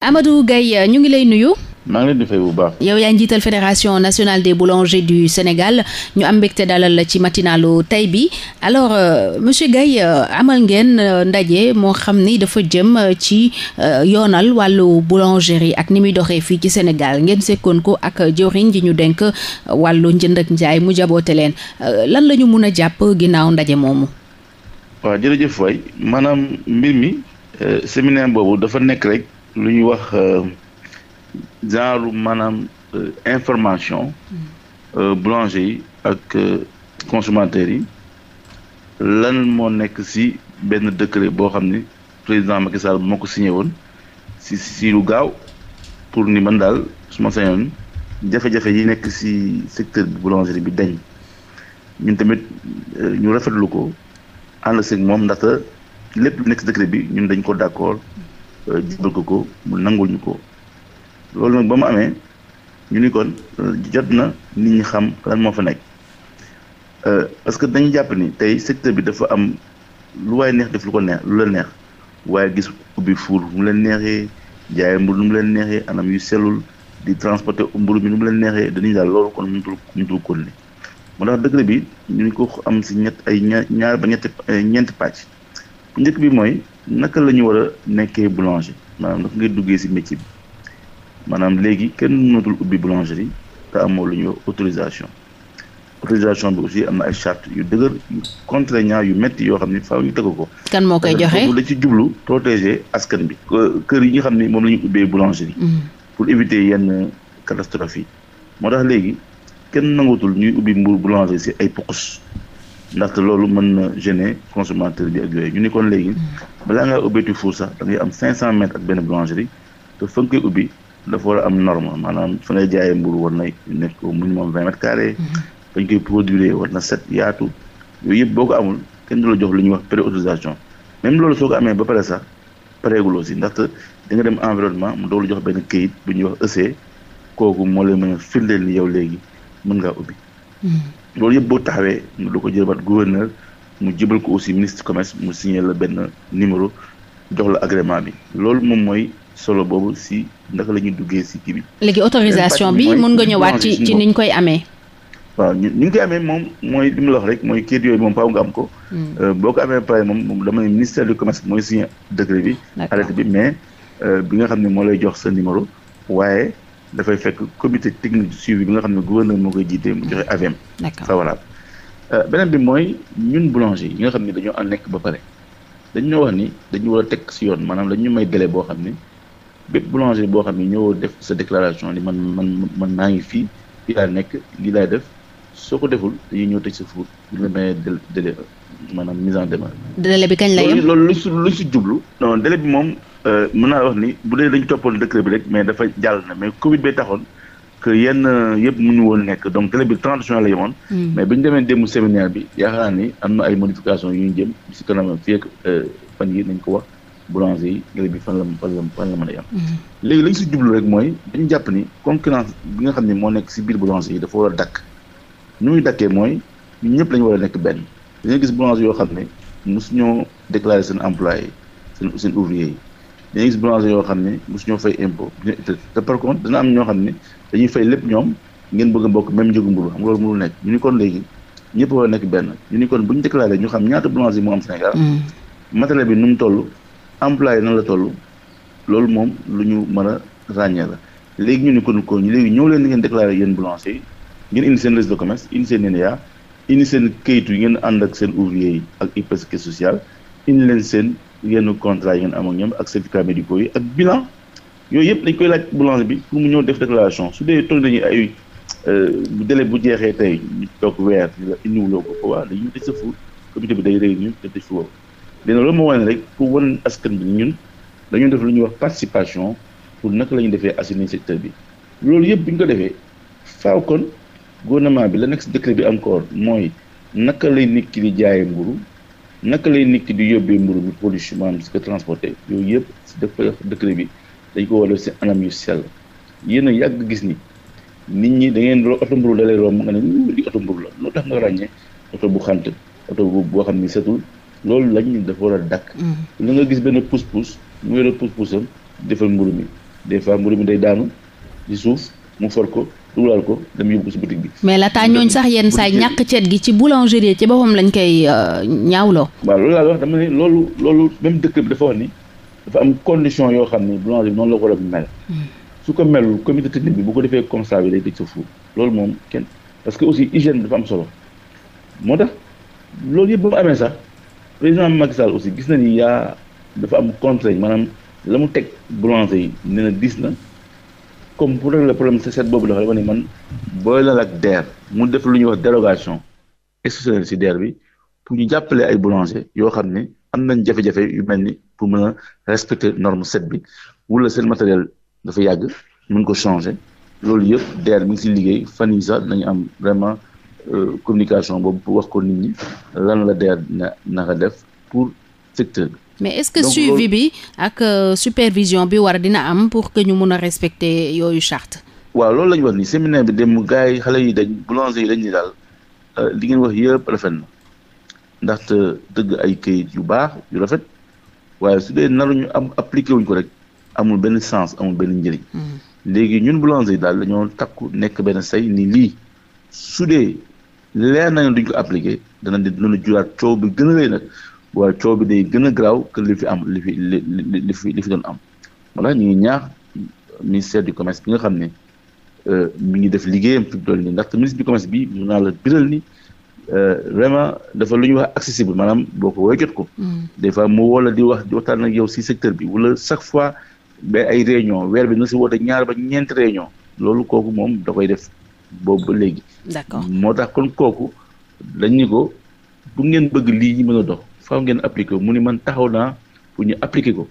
Amadou Gaye euh, ñu ngi lay nuyu. maa yow yaa njiital fédération nationale de boulangers du Sénégal ñu am mbégte dalal la ci matinalu tey bi alors euh, monsieur gay euh, amal ngeen ndaje moo xam ni dafa jëm ci yoonal wàllu boulangerie ak ni muy doxee fii ci Sénégal ngeen sekkoon ko ak jëwriñ ji ñu denk wàllu njënd ak njaay mu jaboote leen lan la ñu mun a jàpp ginnaaw ndaje moomu. waaw jërëjëf waay maanaam mbir mi séminaire boobu dafa nekk rek. lu ñuy wax euh, genre maanaam euh, information mm. euh, boulanger yi ak consommateurs yi lan moo nekk ci benn décret boo xam ni président Macky Sall moo ko signé woon ci ci lu gaaw pour ni man daal su ma sañoon jafe-jafe yi nekk ci secteur bi boulangerie bi dañ ñun tamit ñu rafetlu ko ànd moom ndaxte lépp lu nekk ci décret bi ñun dañ ko d'accord Euh, bëgg ko mu nangul ñu ko loolu nag ba mu amee ñu ni kon euh, jot na nit ñi xam lan moo fa nekk euh, parce que dañu jàpp ni tey secteur bi dafa am lu waaye neex def lu ko neex lu la neex waaye gis ubbi fuur mu leen neexee jaay mburu mu leen neexee anam yu sellul di transporter mburu mi nu mu leen neexee dañuy daal loolu kon mënatul mënatul kon ni moo tax dëgg bi ñu ngi ko am si ñett ay ñaar ba ñetti ñeenti pàcc njëkk bi mooy naka la ñu war a nekkee boulanger maa naka ngay duggee si métier bi maanaam léegi kenn mënatul ubbi boulangerie te amoo lu ñuy autorisation autorisation bi aussi am na ay charte yu dëgër yu contraignant yu metti yoo xam ne faaw ñu tegu ko. kan moo koy joxe da ci jublu protéger askan bi. kër yi ñu xam ni moom la ñu ubbee boulangerie. Mm-hmm. pour éviter yenn catastrophe yi. moo tax léegi kenn nangatul ñuy ubbi mburu boulangerie ci ay pokus. ndaxte loolu mën na gêner consommateur bi ak yooyu ñu ni kon léegi balaa ngaa ubbeeti four sax da ngay am 500 mètres ak benn boulangerie te fa nga koy ubbi dafa war a am norme maanaam fa ngay jaaye mburu war na nekk au minimum 20 mètres carrés mm-hmm. fañ koy produire war na set yaatu yooyu yëpp boo ko amul kenn du jox lu ñuy wax pré-autorisation même loolu soo ko amee ba pare sax pareegul aussi ndaxte da nga dem environnement mu doolu jox benn këyit bu ñuy wax EC kooku moo lay mën a firndeel ni yow léegi mën ngaa ubbi mm-hmm. loolu yëpp boo taxawee lu ko jëbaat gouverneur mu jëbal ko aussi ministre commerce mu signé la benn numéro jox la agrément bi loolu moom mooy solo boobu si ndaka la ñuy duggee si kii bi. léegi autorisation bi mun nga ñëwaat ci ni niñ koy amee. waaw ñu ni ñu koy amee moom mooy li mu la wax rek mooy kayit yooyu moom faaw nga am ko. Hmm. Euh, boo ko amee pare moom dama ne ministère du commerce mooy signé décret bi. arrêté bi mais euh, bi nga xam ne moo lay jox sa numéro waaye. dafay fekk comité technique suivi bi nga xam ne gouverneur moo koy jiite mu joxe AVM. d'accord favorable. Euh, beneen bi mooy ñun boulanger yi nga xam ne dañoo am nekk ba pare dañu ñoo wax ni dañu war a teg si yoon maanaam dañu may délai boo xam ne bépp boulanger boo xam ne ñëwoo def sa déclaration li man man man maa ngi fii fii laa nekk lii laay def soo ko deful dañuy ñëw tëj sa four ñu la may délai maanaam mise en demeure. délai bi kañ la yem loolu lu si jublu. non bi moom Euh, mën naa wax ni bu dee dañu toppoon décret bi rek mais dafa jàll na mais Covid bee taxoon que yenn euh, yëpp mënuñu woon nekk donc décret bi trente juin la yemoon. Hmm. mais bi ñu demee démb séminaire bi yaakaar naa ni am na ay modification yu ñu jëm si kanam fii ak euh, fan nañ ko wax boulanger yi bi fan la fan la la mën a yem. Hmm. léegi lañ si jublu ni concurrence bi nga xam ne moo nekk si biir boulanger yi dafa war a dakk ñu muy dakkee mooy ñun ñëpp lañu war a nekk benn dañuy gis boulanger yoo xam ne mosu ñoo déclaré seen employé seen seen ouvrier yi. dina gis yoo xam ne mosu suñoo fay impôt te par contre dina am ñoo xam ne dañuy fay lépp ñoom ngeen bëgg a bokk même njëgu mburu xam nga loolu mënul nekk ñu ni kon léegi ñëpp war a nekk benn ñu ni kon bu ñu déclaré ñu xam ñaata boulanger moo am Sénégal mm. matériel bi nu mu toll employé nan la toll loolu moom lu ñu mën a ràññee la léegi ñu ni kon ko ñu léegi ñëw leen ni ngeen déclaré yéen boulanger yi ngeen indi seen registre de commence indi seen NIA indi seen kayitu yi ngeen ànd ak seen ouvrier yi ak IPRES social indi leen seen yenn contrat yi ngeen am ak ñoom ak certificat médicaux yi ak bilan yooyu yëpp dañ koy laaj boulanger bi pour mu ñëw def déclaration su dee toog nañu ay euh, délai bu jeexee tey ñu toog weer ñu la indiwuloo ko ko waa dañuy def sa fu comité bi day réunion te def fi woo léegi loolu moo wane rek pour wan askan bi ñun dañoo def lu ñuy wax participation pour naka la ñuy defee assainir secteur bi loolu yëpp bi ñu ko defee faaw kon gouvernement bi la nekk si décret bi encore mooy naka lay nit ki di jaayee mburu naka lay nit ki di yóbbee mburu bi production maanaam si ko transporté yooyu yëpp si dafa décret bi dañ ko war a def si anam yu sell yéen yàgg gis ni nit ñi da ngeen oto mburu da lay romb nga la loo tax nga ràññee oto bu xant oto bu boo xam ni setul loolu lañ ñu dafa war a dakk mm. la nga gis benn pousse pousse mu yore pousse pousse defal mburu mi des fois mburu mi day daanu ci suuf mu for ko dugalal ko dem yóbbu ko si boutique bi. mais laata ñooñ sax yenn saa ñàkk ceet gi ci boulangerie ci boppam lañ koy euh, ñaawloo. waaw loolu laa wax dama ne loolu même dëkk bi dafa wax ni dafa am condition yoo xam ne boulangerie bi noonu la ko war a mel. Hmm. su ko melul comité technique bi bu ko defee constat bi day tëj sa fuur loolu moom kenn parce que aussi hygiène dafa am solo moo tax loolu yëpp ba mu amee sax président Macky aussi gis na ni yaa dafa am contrainte maanaam la mu teg boulanger yi nee na diis na comme pour régler problème si seet boobu dafa dafa ne man booleel ak DER mu def lu ñuy wax dérogation exceptionnelle ci DER bi pour ñu jàppalee ay boulanger yoo xam ne am nañ jafe-jafe yu mel ni pour mën a respecter norme set bi wala seen matériel dafa yàgg mën ko changer loolu yëpp DER mi ngi si liggéey fan yii sax nañu am vraiment euh, communication boobu pour wax ko nit ñi lan la DER na naka def pour secteur bi. mais est-ce que suivi bi ak euh, supervision bi war dina am pour que ñu mun a respecter yooyu charte waaw loolu la ñu wax nii séminaire bi dem gars yi xale yi dañ boulanger yi dañ ni daal euh, li ngeen wax yëpp rafet na ndaxte dëgg ay kayit yu baax yu rafet waaye su dee ñu am appliqué wuñ ko rek amul benn sens amul benn njëriñ mm-hmm. léegi ñun boulanger yi daal dañoo takku nekk benn say ni lii su dee leer nañu duñ ko appliqué dana di dina juraat coow bi gën a rëy waaye coow bi day gën a garaaw que li fi am li fi li fi doon am voilà ñu ngi ñaax ministère du commerce bi nga xam ne euh, mi ngi def liggéeyam fi mu toll nii ndaxte ministre bi mun naa la biral ni euh, vraiment dafa lu ñuy wax accessible maanaam boo ko woowee jot ko. Mm. des fois mu woo la di wax di waxtaan ak yow si secteur bi wala chaque fois ba ay réunion weer bi na si woote ñaar ba ñeent réunion loolu kooku moom da koy def boobu ba léegi. moo tax kon kooku dañ ñu ko bu ngeen bëgg lii ñu mën a dox. faaw ngeen appliqué ko mu ni man taxaw naa pour ñu appliqué ko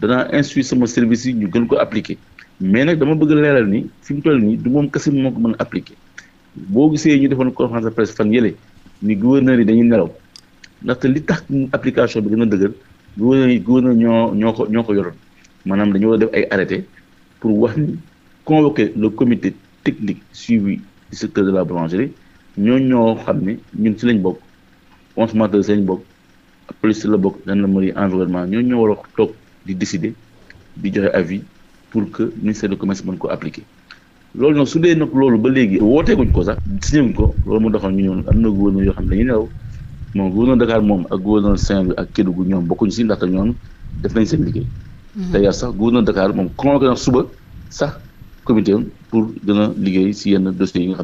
danaa instruire sama service yi ñu gën ko appliqué mais nag dama bëgg leeral ni fi mu toll nii du moom kese moo ko mën a appliqué boo gisee ñu defoon conférence de presse fan yële ni gouverneur yi dañuy nelaw ndaxte li tax application bi gën a dëgër gouverneur yi gouverneur ñoo ñoo ko ñoo ko yoroon manaam dañoo def ay arrêté pour wax ni convoquer le comité technique suivi du secteur de la boulangerie ñoo ñoo xam ne ñun si lañ bokk consommateur si lañ bokk police la bokk gendarmerie environnement ñoo ñoo war a toog di décider di joxe avis pour que ministère du ko appliquer loolu nag su dee nag ba léegi wooteeguñ ko sax signé guñ ko loolu moo taxoon ñu ñëw am na gouverneur yoo xam ne dañuy nelaw moom gouverneur Dakar moom ak gouverneur Saint-Louis ak Kédougou ñoom bokkuñ si ndaxte ñoom def nañ seen liggéey mhm. d'ailleurs sax gouverneur Dakar moom convoqué na suba sax comité pour gën a liggéey si yenn dossiers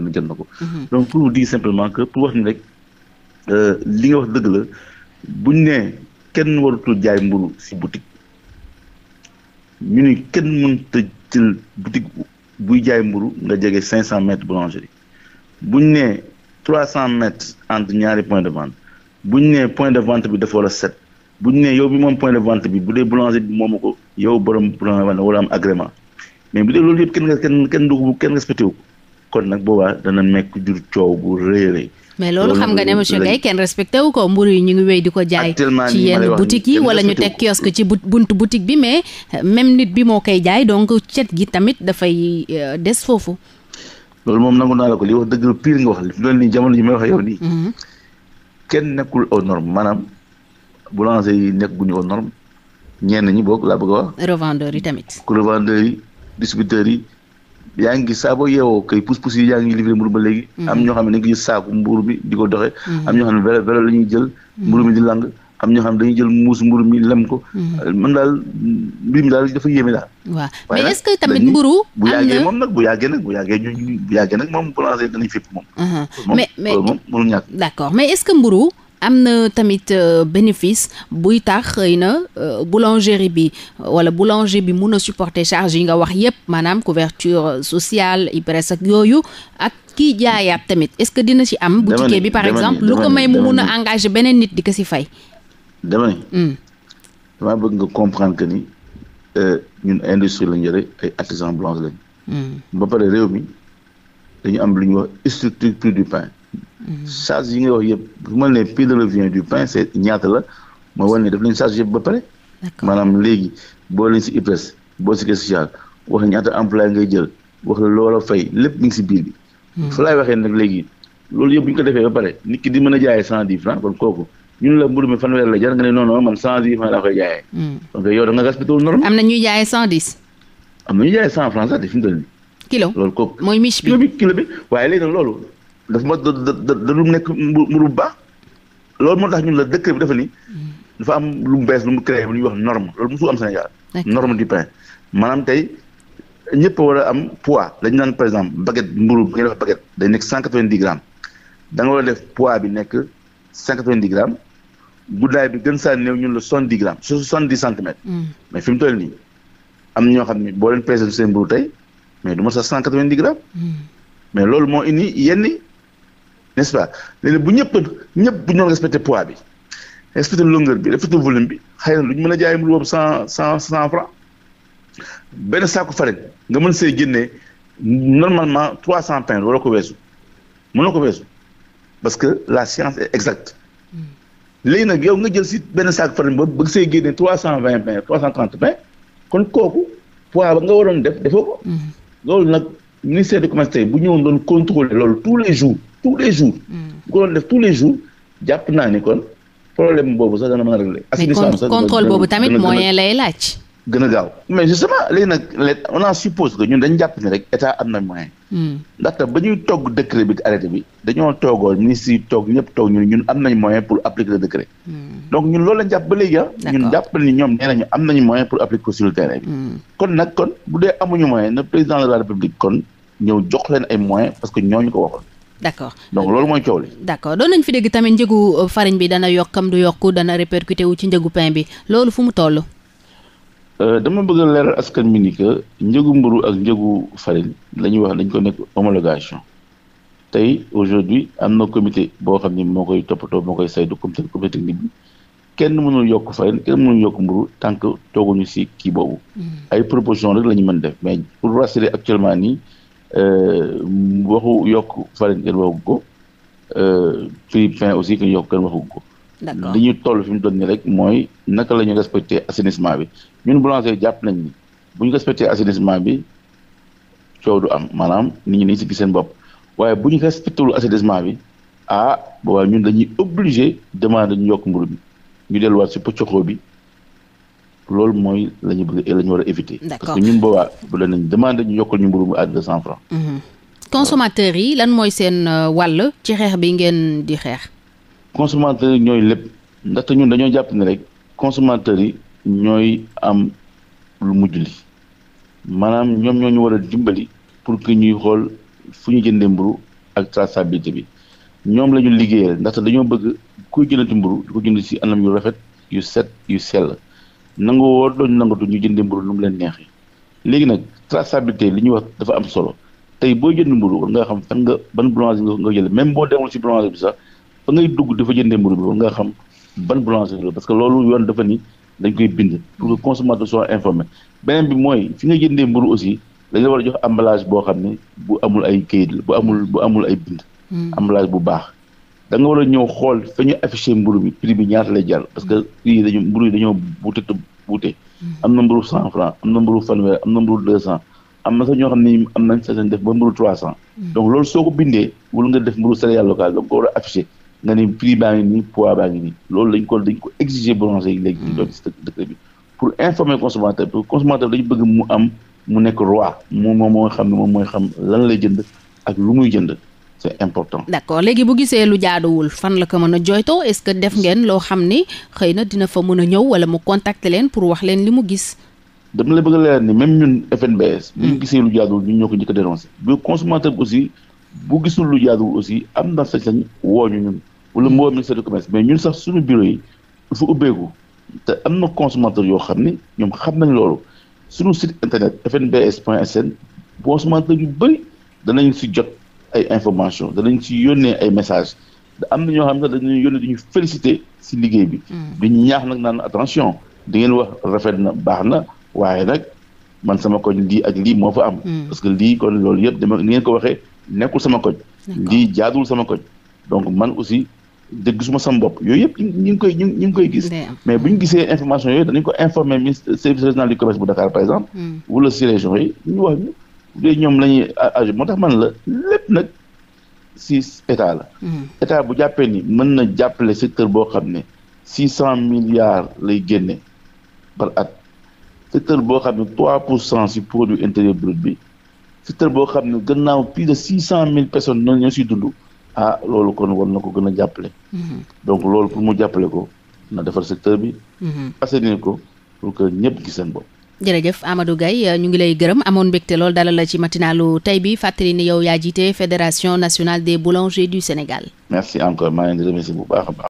buñ ne kenn warutul jaay mburu ci boutique ñu ni kenn mënta jël boutique buy jaay mburu nga jege cinq cent mètres boulangerie buñ ne trois cent mètres entre ñaari point de vente buñ ne point de vente bi dafa war a set buñ ne yow bi moom point de vente bi bu dee boulanger bi moomu ko yow borom point de vente wala am agrément mais bu dee loolu yëpp kenn nga kenn kenn du kenn respecté kon nag boobaa dana mekk jur coow bu rëy rëy mais loolu xam nga ne monsieur Gaye kenn respecté wu ko mburu yi ñu ngi wéy di ko jaay ci yenn boutique yi wala ñu teg kiosque ci buntu boutique bi mais euh, même nit bi moo koy jaay donc cet gi tamit dafay euh, des foofu loolu moom nangu naa la ko li wax dëgg pire nga wax li loolu nii jamono ji may wax yow nii mm-hmm. kenn nekkul aux normes maanaam boulanger yi nekk guñu aux normes ñenn ñi boog laa bëgg a wax revendeur yi tamit ku revendeur yi distributeurs yi yaa ngi gis saa boo yeewoo kay pousse-pousse yi yaa ngi livré mburu ba léegi mm-hmm. am ñoo xam ne dañu saaku mburu mm-hmm. la ñuy jël mm-hmm. mburu mi di lang am ñoo xam ne dañuy jël muus mburu mi lem ko man daal mbir mi daal dafa yéeme daal mais est-ce que tamit mburu bu yàggee moom bu yàggee nag bu yàggee ñu bu yàggee nag moom boulanger danañ fépp uh-huh. moom mais mais moom mënul ñàkk d'accord mais est-ce que mburu am na tamit euh, bénéfice buy tax xëy na euh, boulangerie bi wala boulanger bi mun a supporter charge yi nga wax yépp maanaam couverture sociale IPRES ak yooyu ak kiy jaayaat tamit est-ce que dina ci am boutique bi par exemple lu ko may mu mun a engagé beneen nit di ko ci fay dama ne hmm. damaa bëgg nga comprendre que ni euh, ñun industrie lañ yore ay artisan blanc lañ hmm. ba réew mi dañu am lu ñuy wax structure du pain charge yi nga wax yëpp bu ma nee prix de revient du pain c' ñaata la mooy wane ne daf leen charge yëpp ba pare. maanaam léegi boo leen si IPRES boo si social wax ñaata emploi ngay jël wax la loola fay lépp mi ngi si bi. Hmm. fa laay waxee nag léegi loolu ñu ko defee ki di mën a jaayee cent nga laa koy jaayee. Hmm. am na ñuy jaayee cent dix. am na ñuy de fi kilo loolu kooku. kilo bi kilo bi waaye léegi nag loolu. daf ma da da da lu nekk mu baax loolu moo tax ñun la décret bi dafa ni dafa am lu mu bees lu mu créé lu ñuy wax norme loolu mosul am Sénégal. norme du pain maanaam tey ñëpp war a am poids dañu naan par exemple baguette mburu bi nga def baguette day nekk cent quatre vingt dix grammes da war a def poids bi nekk cent quatre vingt dix grammes guddaay bi gën saa néew ñun la di dix grammes soixante dix centimètres. Hmm. mais fi mu toll nii am ñoo xam ne boo leen peesee seen mburu tey mais du ma sax cent n'est-ce pas léegi bu ñëpp ñëpp bu ñu doon respecté poids bi respecté longueur bi respecté volume bi xëy na lu ñu mën a jaay mu boobu cent cent cent franc benn saako farine nga mën see génnee normalement trois cent pains waroo ko weesu mënoo ko weesu parce que la science est exacte mm. léegi nag yow nga jël si benn saako farine ba bëgg see génnee trois cent vingt pains trois cent trente pains kon kooku pois ba nga waroon def defoo ko. Mm. loolu nag ministère du commerce tey bu ñëwoon doon contrôler loolu tous les jours. tous les jours. bu hmm. ko doon def tous les jours jàpp naa ni kon problème boobu sax dana mën a régler. assainissement sax contrôle boobu tamit moyen lay laaj. gën a gaaw mais justement léegi a on en suppose que ñun dañ jàpp ni rek état am na moyen. Hmm. ndaxte ba ñuy togg décret bi dañoo toogoon ministre yi toog ñëpp toog ñun am nañ moyen pour appliquer le hmm. donc ñun loolu jàpp ba léegi ah. ñun jàpp ni ñoom nee am nañu moyen pour appliquer ko sur bi. kon nag kon bu dee amuñu moyen na président de la d' accord donc loolu mooy coow li. d' accord doon nañ fi dégg tamit njëgu euh, farine bi dana yokkam du yokku dana répercuté ci njëgu pain bi loolu fu mu toll. Euh, dama bëgg a leeral askan mi ni que njëgu mburu ak njëgu farine la ñuy wax dañ ko nekk homologation tey aujourd'hui am na comité boo xam ni moo koy toppatoo moo koy saytu comité comité technique bi kenn mënul yokk farine kenn mënul yokk mburu tant que tooguñu si kii boobu. Hmm. ay proposition rek la mën def mais pour nii. Euh, waxu yokk farine kenn waxu ko euh, prix pain aussi kenn yokk kenn waxu ko. d'accord li ñu toll fi mu doon ni rek mooy naka la ñu respecté assainissement bi ñun boulanger jàpp nañ bu ñu respecté assainissement bi coow du am maanaam nit ñu dañ si gis seen bopp waaye bu ñu respecté wul assainissement bi ah boobaa ñun dañuy obligé demande ñu yokk mburu ñu delluwaat si pëccoxoo bi. loolu mooy la ñu bëgg la ñu war a éviter. parce que ñun boobaa bu la nañ demandé ñu yokkal ñu mburu mi à deux cent francs. Mhm. consommateurs yi lan mooy seen euh, wàll ci xeex bi ngeen di xeex. consommateurs yi ñooy lépp ndaxte ñoom dañoo jàpp ne rek consommateurs yi ñooy am lu mujj li maanaam ñoom ñoo ñu war a dimbali pour que ñuy xool fu ñu jëndee mburu ak traçabilité bi ñoom lañu ñu liggéeyal ndaxte dañoo bëgg kuy jëndati mburu di ko jënd ci anam yu rafet yu set yu sell. nangu woo doon nangatu ñu jëndi mburu nu mu leen neexee léegi nag traçabilité li ñuy wax dafa am solo tey boo jënd mburu war nga xam fan nga ban boulangerie nga nga jël même boo demul ci boulangerie bi sax fa ngay dugg dafa jëndee mburu bi war nga xam ban boulangerie la parce que loolu yoon dafa ni dañ koy bind pour que consommateur soit informé beneen bi mooy fi nga jëndee mburu aussi dañ la war a jox emballage boo xam ne bu amul ay kayit bu amul bu amul ay bind hmm. emballage bu baax da nga war a ñëw xool fa ñu affiché mburu bi prix bi ñaata lay jar parce que prix yi dañu mburu yi dañoo buute te buute mm-hmm. am na mburu cent franc am na mburu fanweer am na mburu deux cent am na sax ñoo xam ne def ba mburu trois cent mm-hmm. donc loolu soo ko bindee wala nga def mburu céréale locale donc ko war a affiché nga ni prix baa ngi nii poids baa ngi nii loolu dañ ko dañ ko exiger boulanger yi léegi ñu mm-hmm. doon si dëkk bi pour informer consommateur parce que dañu bëgg mu am mu ne moom mooy xam lan lay jënd ak lu muy jënd c'est important. d'accord léegi bu gisee lu jaaduwul fan la ko mën a jooytoo est-ce que def ngeen loo xam ni xëy na dina fa mën a ñëw wala mu contacter leen pour wax leen li mu gis. dama la bëgg a leeral ni même ñun FNBS. bu ñu hmm. gisee lu jaaduwul ñu ñoo ko njëkk a dénoncé. bu consommateur aussi bu gisul lu jaaduwul aussi am na sañ-sañ woo ñu ñun wala mboo ministère du commerce mais ñun sax suñu bureau yi dafa ubbeeku te am na consommateur yoo xam ni ñoom xam nañ loolu suñu site internet fnbs.sn consommateur yu bëri danañ si jot. ay information danañ ci yónnee ay message am na ñoo xam ne dañuy yónnee dañuy félicité si liggéey bi. Mm. du ñaax nag naan attention di ngeen wax rafet na baax na waaye nag man sama koñ lii ak lii moo fa am. Mm. parce que lii kon loolu yëpp dama ko waxee nekkul sama koñ. lii jaadul sama koñ donc man aussi. dégg suma sama bopp yooyu yëpp ñu ngi koy gis mais bu ñu gisee information yooyu dañu ko informer ministre service régional du commerce bu Dakar par exemple mm. wala si ñoom la ñuy moo tax man la lépp nag si état la. Hmm. état bu jàppee ni mën na jàppale secteur boo xam ne six cent milliards lay génne par at boo xam ne trois pour cent si produit intérieur brut bi secteur boo xam ne gannaaw plus de six cent mille personnes ñoo si dund. ah loolu kon war na ko gën a jàppale. Hmm. donc loolu pour mu jàppale ko na defar secteur bi. Hmm. assainir ko pour que ñëpp gis seen bopp. jërëjëf Amadou Gaye euh, ñu ngi lay gërëm amoon mbégte lool dalal la ci matinalu tey bi fàttali ni yow yaa jiite fédération nationale des boulangers du Sénégal.